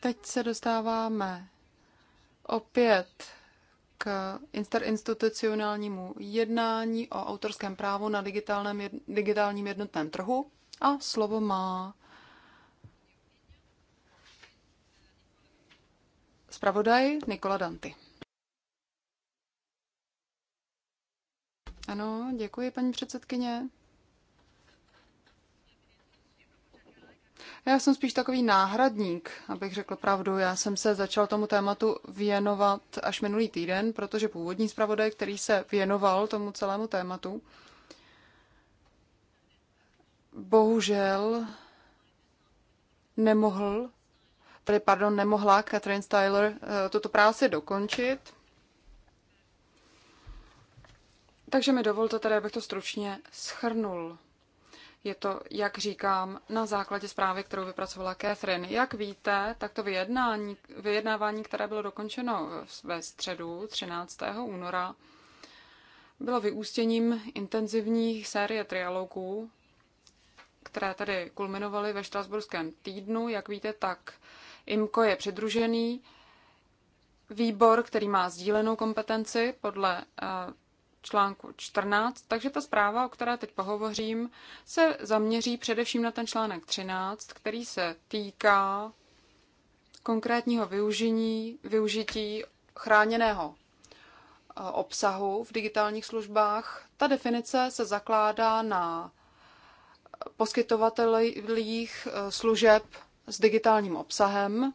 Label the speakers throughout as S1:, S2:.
S1: Teď se dostáváme opět k interinstitucionálnímu jednání o autorském právu na digitálním, digitálním jednotném trhu a slovo má zpravodaj Nikola Danty. Ano, děkuji, paní předsedkyně. Já jsem spíš takový náhradník, abych řekl pravdu. Já jsem se začal tomu tématu věnovat až minulý týden, protože původní zpravodaj, který se věnoval tomu celému tématu, bohužel nemohl, tedy pardon, nemohla Catherine Styler eh, tuto práci dokončit. Takže mi dovolte tady, abych to stručně schrnul. Je to, jak říkám, na základě zprávy, kterou vypracovala Catherine. Jak víte, tak to vyjednání, vyjednávání, které bylo dokončeno ve středu 13. února, bylo vyústěním intenzivních série trialogů, které tady kulminovaly ve Štrasburském týdnu. Jak víte, tak IMCO je přidružený výbor, který má sdílenou kompetenci podle eh, článku 14, takže ta zpráva, o které teď pohovořím, se zaměří především na ten článek 13, který se týká konkrétního využití, využití chráněného eh, obsahu v digitálních službách. Ta definice se zakládá na poskytovatelích eh, služeb s digitálním obsahem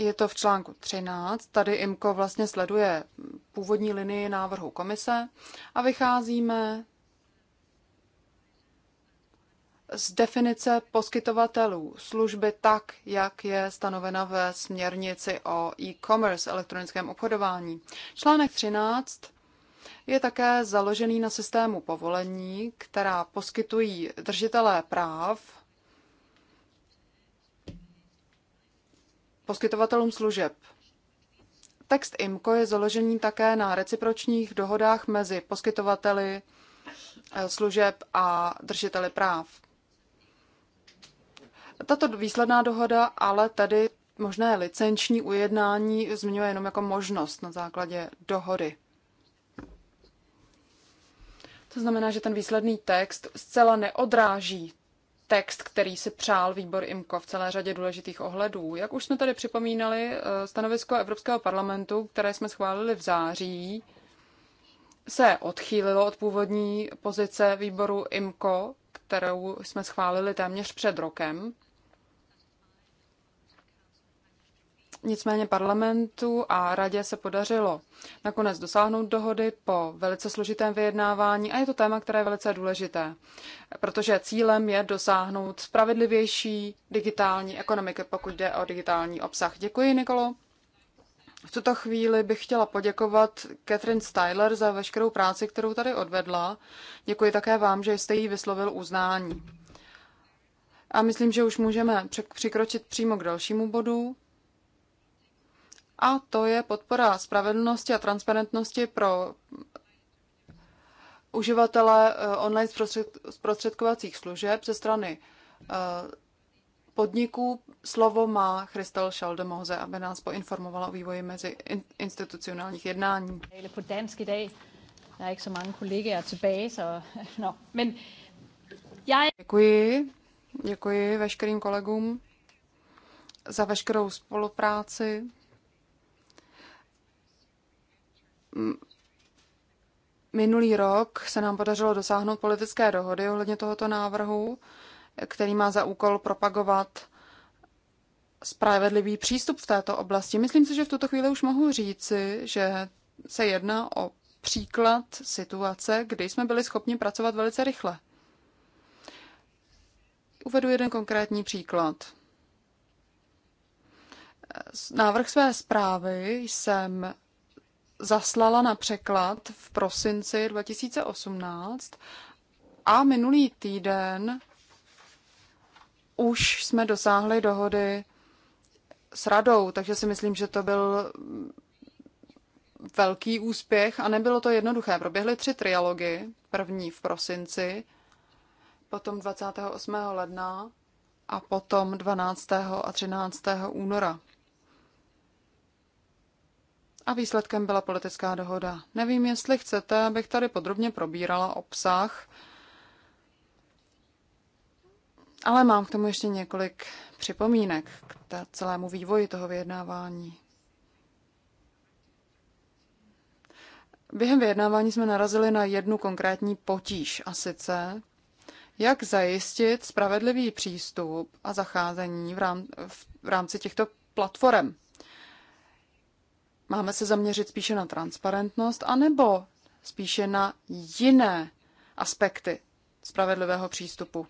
S1: je to v článku 13. Tady IMCO vlastně sleduje původní linii návrhu komise a vycházíme z definice poskytovatelů služby tak, jak je stanovena ve směrnici o e-commerce, elektronickém obchodování. Článek 13 je také založený na systému povolení, která poskytují držitelé práv poskytovatelům služeb. Text IMCO je založený také na recipročních dohodách mezi poskytovateli eh, služeb a držiteli práv. Tato výsledná dohoda ale tedy možné licenční ujednání zmiňuje jenom jako možnost na základě dohody. To znamená, že ten výsledný text zcela neodráží text, který si přál výbor IMCO v celé řadě důležitých ohledů. Jak už jsme tady připomínali, eh, stanovisko Evropského parlamentu, které jsme schválili v září, se odchýlilo od původní pozice výboru IMCO, kterou jsme schválili téměř před rokem. Nicméně parlamentu a radě se podařilo nakonec dosáhnout dohody po velice složitém vyjednávání a je to téma, které je velice důležité, protože cílem je dosáhnout spravedlivější digitální ekonomiky, pokud jde o digitální obsah. Děkuji, Nikolo. V tuto chvíli bych chtěla poděkovat Catherine Styler za veškerou práci, kterou tady odvedla. Děkuji také vám, že jste jí vyslovil uznání. A myslím, že už můžeme překročit přímo k dalšímu bodu a to je podpora spravedlnosti a transparentnosti pro uživatele eh, online zprostředkovacích služeb ze strany eh, podniků. Slovo má Christel Šaldemoze, aby nás poinformovala o vývoji mezi institucionálních jednání. På dansk dag. Der er ikke så mange kollegaer tilbage, så... No, men Děkuji. Děkuji veškerým kolegům za veškerou spolupráci. Minulý rok se nám podařilo dosáhnout politické dohody ohledně tohoto návrhu, který má za úkol propagovat spravedlivý přístup v této oblasti. Myslím si, že v tuto chvíli už mohu říci, že se jedná o příklad situace, kdy jsme byli schopni pracovat velice rychle. Uvedu jeden konkrétní příklad. Návrh své zprávy jsem zaslala na překlad v prosinci 2018 a minulý týden už jsme dosáhli dohody s radou, takže si myslím, že to byl velký úspěch a nebylo to jednoduché. Proběhly tři trialogy, první v prosinci, potom 28. ledna a potom 12. a 13. února a výsledkem byla politická dohoda. Nevím, jestli chcete, abych tady podrobně probírala obsah, ale mám k tomu ještě několik připomínek k celému vývoji toho vyjednávání. Během vyjednávání jsme narazili na jednu konkrétní potíž, a sice jak zajistit spravedlivý přístup a zacházení v, rámci těchto platform Máme se zaměřit spíše na transparentnost, anebo spíše na jiné aspekty spravedlivého přístupu.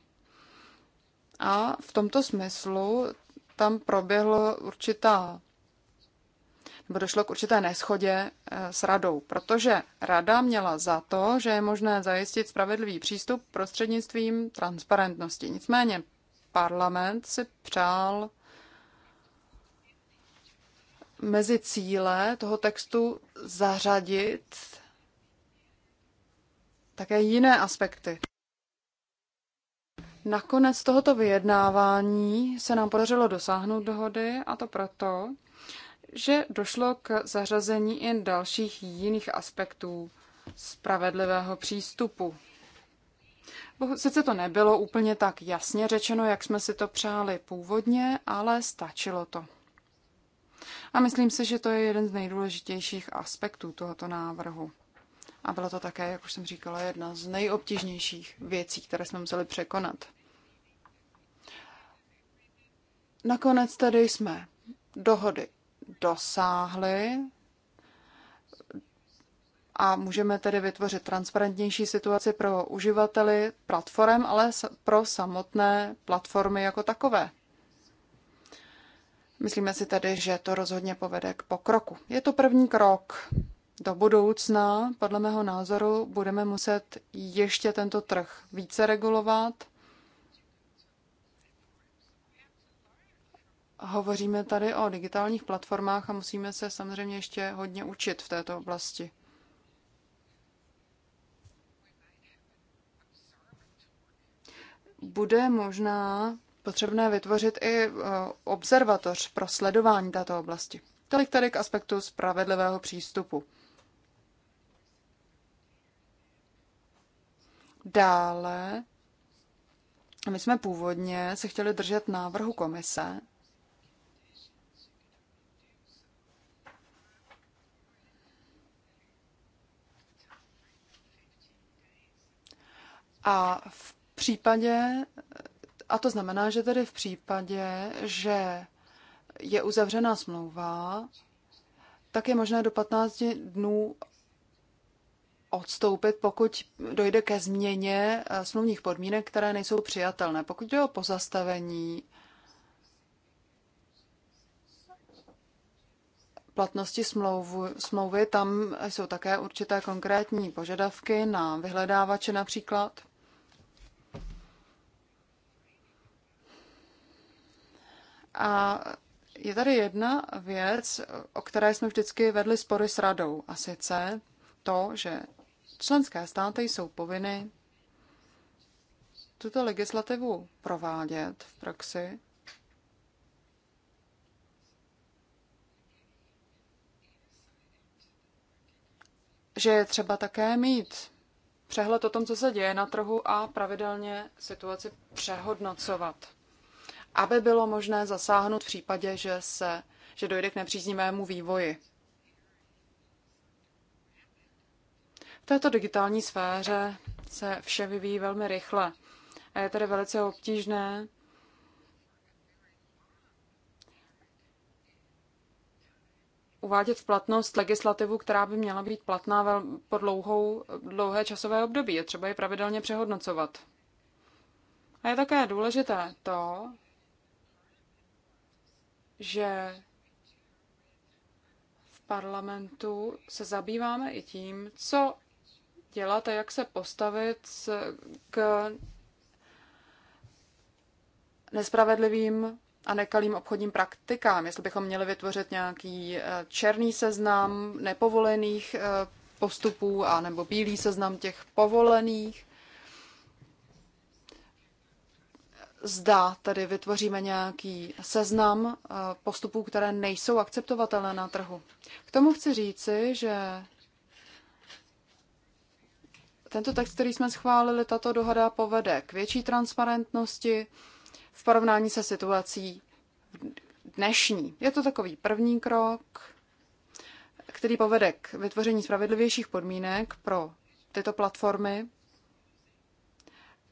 S1: A v tomto smyslu tam proběhlo určitá nebo došlo k určité neschodě eh, s radou, protože rada měla za to, že je možné zajistit spravedlivý přístup prostřednictvím transparentnosti. Nicméně parlament si přál mezi cíle toho textu zařadit také jiné aspekty. Nakonec tohoto vyjednávání se nám podařilo dosáhnout dohody, a to proto, že došlo k zařazení i dalších jiných aspektů spravedlivého přístupu. Sice to nebylo úplně tak jasně řečeno, jak jsme si to přáli původně, ale stačilo to. A myslím si, že to je jeden z nejdůležitějších aspektů tohoto návrhu. A bylo to také, jak už jsem říkala, jedna z nejobtížnějších věcí, které jsme museli překonat. Nakonec tedy jsme dohody dosáhli a můžeme tedy vytvořit transparentnější situaci pro uživateli platform, ale pro samotné platformy jako takové. Myslíme si tedy, že to rozhodně povede k pokroku. Je to první krok. Do budoucna, podle mého názoru, budeme muset ještě tento trh více regulovat. Hovoříme tady o digitálních platformách a musíme se samozřejmě ještě hodně učit v této oblasti. Bude možná potřebné vytvořit i eh, observatoř pro sledování této oblasti. Tolik tady k aspektu spravedlivého přístupu. Dále my jsme původně se chtěli držet návrhu komise, A v případě a to znamená, že tedy v případě, že je uzavřena smlouva, tak je možné do 15 dnů odstoupit, pokud dojde ke změně eh, smluvních podmínek, které nejsou přijatelné. Pokud jde o pozastavení platnosti smlouvu, smlouvy, tam jsou také určité konkrétní požadavky na vyhledávače například. A je tady jedna věc, o které jsme vždycky vedli spory s radou, a sice to, že členské státy jsou povinny tuto legislativu provádět v praxi. Že je třeba také mít přehled o tom, co se děje na trhu a pravidelně situaci přehodnocovat aby bylo možné zasáhnout v případě, že, se, že dojde k nepříznivému vývoji. V této digitální sféře se vše vyvíjí velmi rychle a je tedy velice obtížné uvádět v platnost legislativu, která by měla být platná po dlouhou, dlouhé časové období. Je třeba ji pravidelně přehodnocovat. A je také důležité to, že v parlamentu se zabýváme i tím, co dělat a jak se postavit k nespravedlivým a nekalým obchodním praktikám. Jestli bychom měli vytvořit nějaký eh, černý seznam nepovolených eh, postupů a nebo bílý seznam těch povolených. zda tedy vytvoříme nějaký seznam eh, postupů, které nejsou akceptovatelné na trhu. K tomu chci říci, že tento text, který jsme schválili, tato dohoda povede k větší transparentnosti v porovnání se situací dnešní. Je to takový první krok, který povede k vytvoření spravedlivějších podmínek pro tyto platformy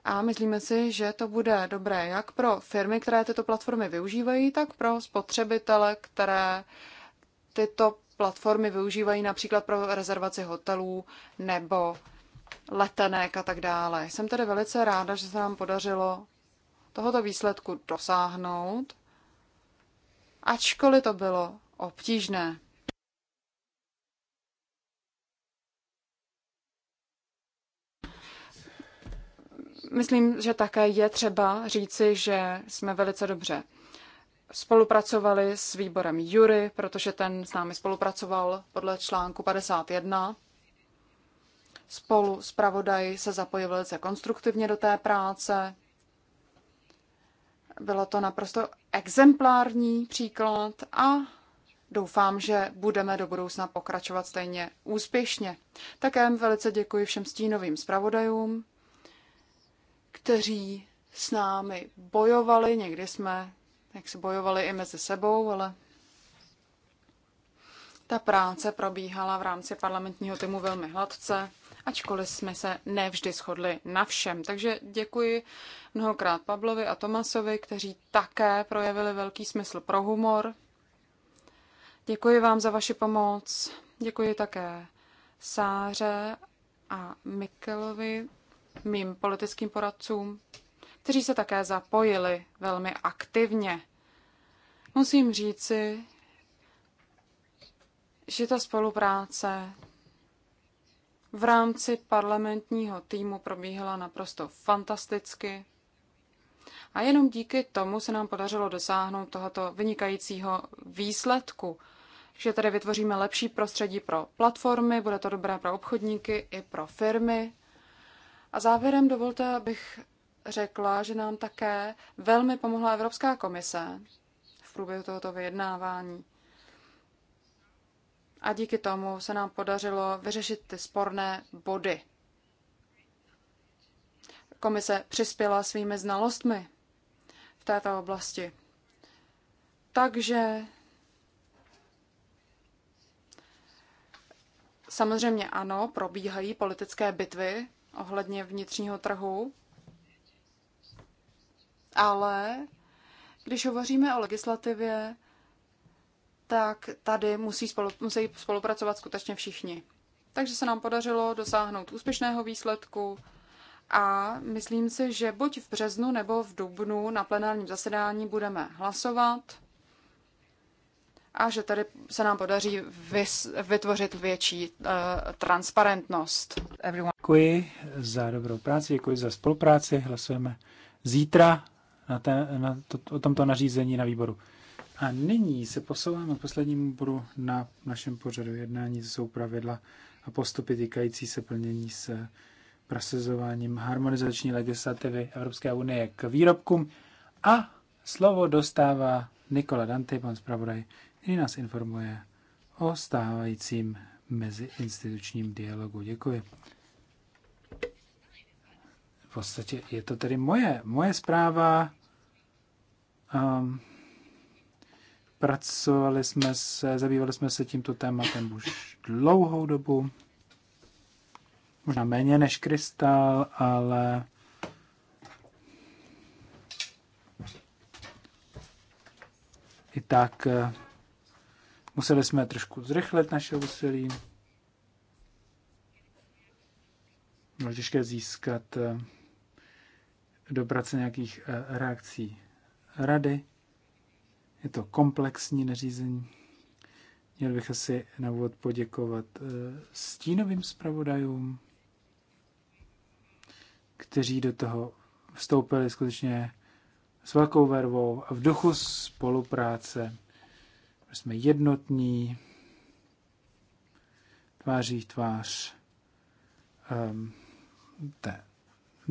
S1: a myslíme si, že to bude dobré jak pro firmy, které tyto platformy využívají, tak pro spotřebitele, které tyto platformy využívají například pro rezervaci hotelů nebo letenek a tak dále. Jsem tedy velice ráda, že se nám podařilo tohoto výsledku dosáhnout, ačkoliv to bylo obtížné. Myslím, že také je třeba říci, že jsme velice dobře spolupracovali s výborem Jury, protože ten s námi spolupracoval podle článku 51. Spolu s zpravodaj se zapojil velice konstruktivně do té práce. Bylo to naprosto exemplární příklad a doufám, že budeme do budoucna pokračovat stejně úspěšně. Také velice děkuji všem stínovým zpravodajům, kteří s námi bojovali, někdy jsme, jak si bojovali i mezi sebou, ale ta práce probíhala v rámci parlamentního týmu velmi hladce, ačkoliv jsme se nevždy shodli na všem. Takže děkuji mnohokrát Pablovi a Tomasovi, kteří také projevili velký smysl pro humor. Děkuji vám za vaši pomoc. Děkuji také Sáře a Mikelovi mým politickým poradcům, kteří se také zapojili velmi aktivně. Musím říci, že ta spolupráce v rámci parlamentního týmu probíhala naprosto fantasticky. A jenom díky tomu se nám podařilo dosáhnout tohoto vynikajícího výsledku, že tady vytvoříme lepší prostředí pro platformy, bude to dobré pro obchodníky i pro firmy. A závěrem dovolte, abych řekla, že nám také velmi pomohla Evropská komise v průběhu tohoto vyjednávání. A díky tomu se nám podařilo vyřešit ty sporné body. Komise přispěla svými znalostmi v této oblasti. Takže samozřejmě ano, probíhají politické bitvy ohledně vnitřního trhu, ale když hovoříme o legislativě, tak tady musí spolu, musí spolupracovat skutečně všichni. Takže se nám podařilo dosáhnout úspěšného výsledku a myslím si, že buď v březnu nebo v dubnu na plenárním zasedání budeme hlasovat a že tady se nám podaří vytvořit větší uh, transparentnost.
S2: Děkuji za dobrou práci, děkuji za spolupráci. Hlasujeme zítra na, te, na to, o tomto nařízení na výboru. A nyní se posouváme k poslednímu bodu na našem pořadu jednání, co jsou pravidla a postupy týkající se plnění s prosazováním harmonizační legislativy Evropské unie k výrobkům. A slovo dostává Nikola Dante, pan zpravodaj který nás informuje o stávajícím meziinstitučním dialogu. Děkuji. V podstatě je to tedy moje, moje zpráva. Um, pracovali jsme se, zabývali jsme se tímto tématem už dlouhou dobu. Možná méně než krystal, ale i tak eh, Museli jsme trošku zrychlit naše úsilí. Bylo těžké získat eh, dobrat se nějakých eh, reakcí rady. Je to komplexní neřízení. Měl bych asi na úvod poděkovat eh, stínovým zpravodajům, kteří do toho vstoupili skutečně s velkou vervou a v duchu spolupráce jsme jednotní, tváří tvář um, té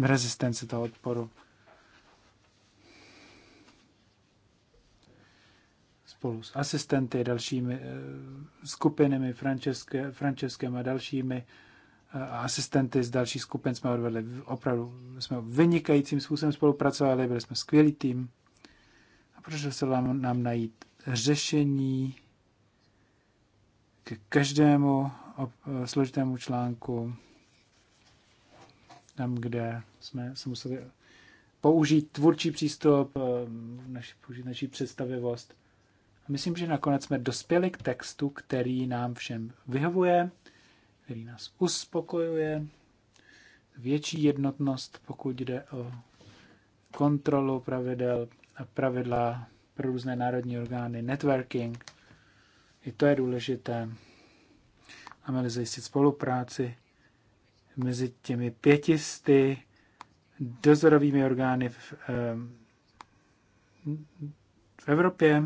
S2: rezistence toho odporu. Spolu s asistenty, dalšími uh, skupinami, Franceske, Franceskem a dalšími uh, asistenty z dalších skupin jsme odvedli opravdu, jsme vynikajícím způsobem spolupracovali, byli jsme skvělý tým a podařilo se nám, nám najít řešení k každému složitému článku, tam, kde jsme se museli použít tvůrčí přístup, eh, naši, použít naši představivost. myslím, že nakonec jsme dospěli k textu, který nám všem vyhovuje, který nás uspokojuje, větší jednotnost, pokud jde o kontrolu pravidel a pravidla pro různé národní orgány, networking. I to je důležité. A měli zajistit spolupráci mezi těmi pětisty dozorovými orgány v, ehm, v Evropě.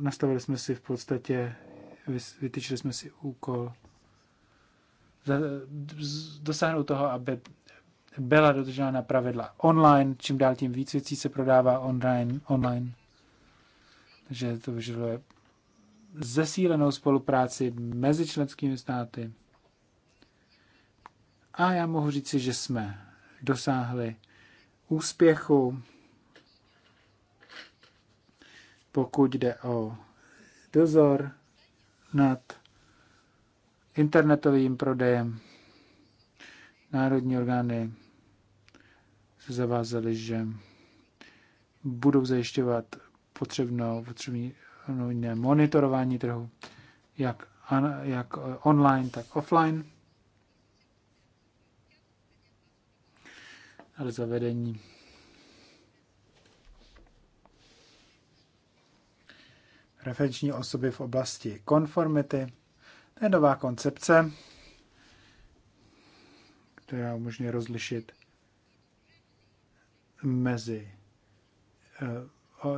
S2: Nastavili jsme si v podstatě, vytyčili jsme si úkol dosáhnout toho, aby byla dodržena pravidla online, čím dál tím víc věcí se prodává online, online. Takže to vyžaduje zesílenou spolupráci mezi členskými státy. A já mohu říci, že jsme dosáhli úspěchu, pokud jde o dozor nad internetovým prodejem národní orgány se zavázaly, že budou zajišťovat potřebnou, potřebné monitorování trhu, jak, jak online, tak offline. Ale zavedení referenční osoby v oblasti konformity, to je nová koncepce, která umožňuje rozlišit mezi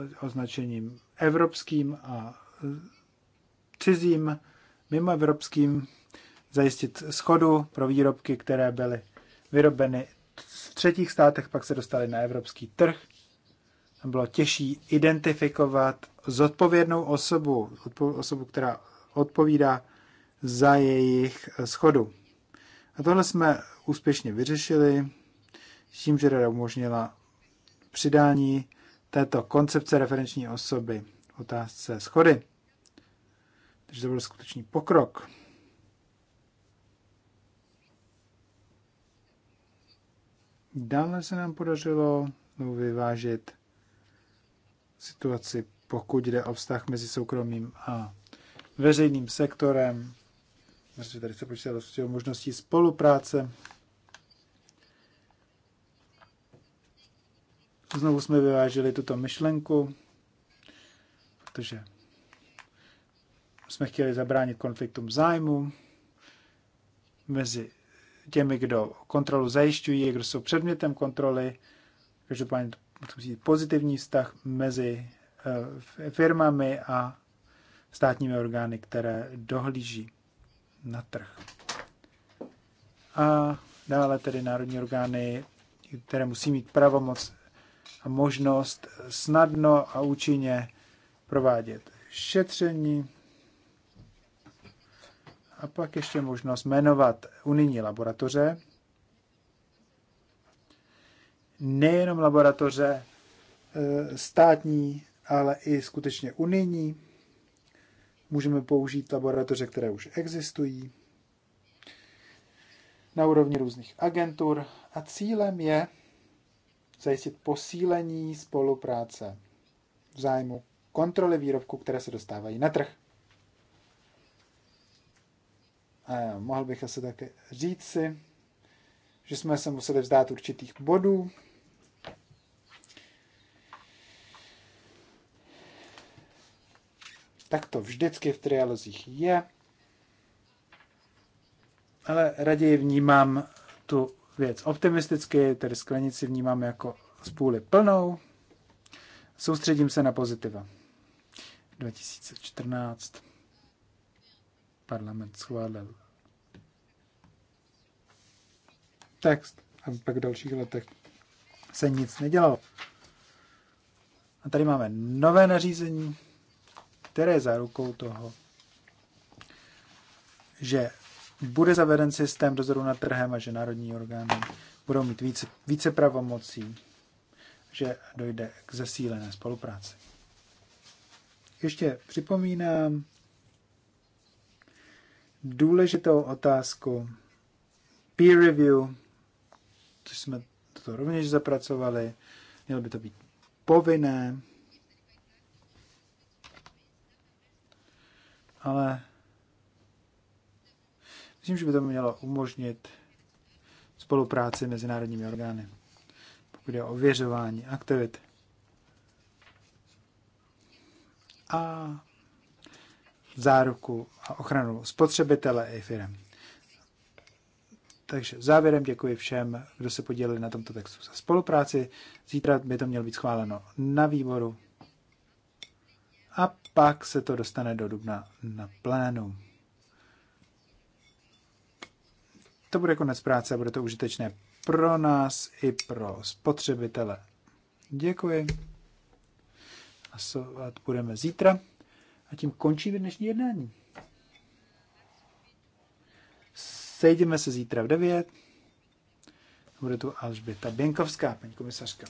S2: eh, označením evropským a eh, cizím, mimo evropským, zajistit schodu pro výrobky, které byly vyrobeny v třetích státech, pak se dostaly na evropský trh. Tam bylo těžší identifikovat zodpovědnou osobu, osobu, která odpovídá za jejich eh, schodu. A tohle jsme úspěšně vyřešili s tím, že rada umožnila přidání této koncepce referenční osoby otázce schody. Takže to byl skutečný pokrok. Dále se nám podařilo vyvážit situaci, pokud jde o vztah mezi soukromým a veřejným sektorem. Myslím, že tady počítá počítat o možností spolupráce. Znovu jsme vyvážili tuto myšlenku, protože jsme chtěli zabránit konfliktům zájmu mezi těmi, kdo kontrolu zajišťují, kdo jsou předmětem kontroly. Každopádně to musí být pozitivní vztah mezi eh, firmami a státními orgány, které dohlíží na trh. A dále tedy národní orgány, které musí mít pravomoc a možnost snadno a účinně provádět šetření. A pak ještě možnost jmenovat unijní laboratoře. Nejenom laboratoře e, státní, ale i skutečně unijní. Můžeme použít laboratoře, které už existují na úrovni různých agentur a cílem je zajistit posílení spolupráce v zájmu kontroly výrobků, které se dostávají na trh. A mohl bych asi také si, že jsme se museli vzdát určitých bodů, Tak to vždycky v trialozích je. Ale raději vnímám tu věc optimisticky, tedy sklenici vnímám jako spůli plnou. Soustředím se na pozitiva. 2014 parlament schválil text a pak v dalších letech se nic nedělalo. A tady máme nové nařízení, které za zárukou toho, že bude zaveden systém dozoru nad trhem a že národní orgány budou mít více, více pravomocí, že dojde k zesílené spolupráci. Ještě připomínám důležitou otázku peer review, což jsme to rovněž zapracovali, mělo by to být povinné, ale myslím, že by to mělo umožnit spolupráci mezinárodními orgány, pokud je o ověřování aktivit. A záruku a ochranu spotřebitele i firm. Takže závěrem děkuji všem, kdo se podíleli na tomto textu za spolupráci. Zítra by to mělo být schváleno na výboru a pak se to dostane do dubna na plénum. To bude konec práce a bude to užitečné pro nás i pro spotřebitele. Děkuji. Hlasovat budeme zítra. A tím končí dnešní jednání. Sejdeme se zítra v 9. Bude tu Alžběta Běnkovská, paní komisařka.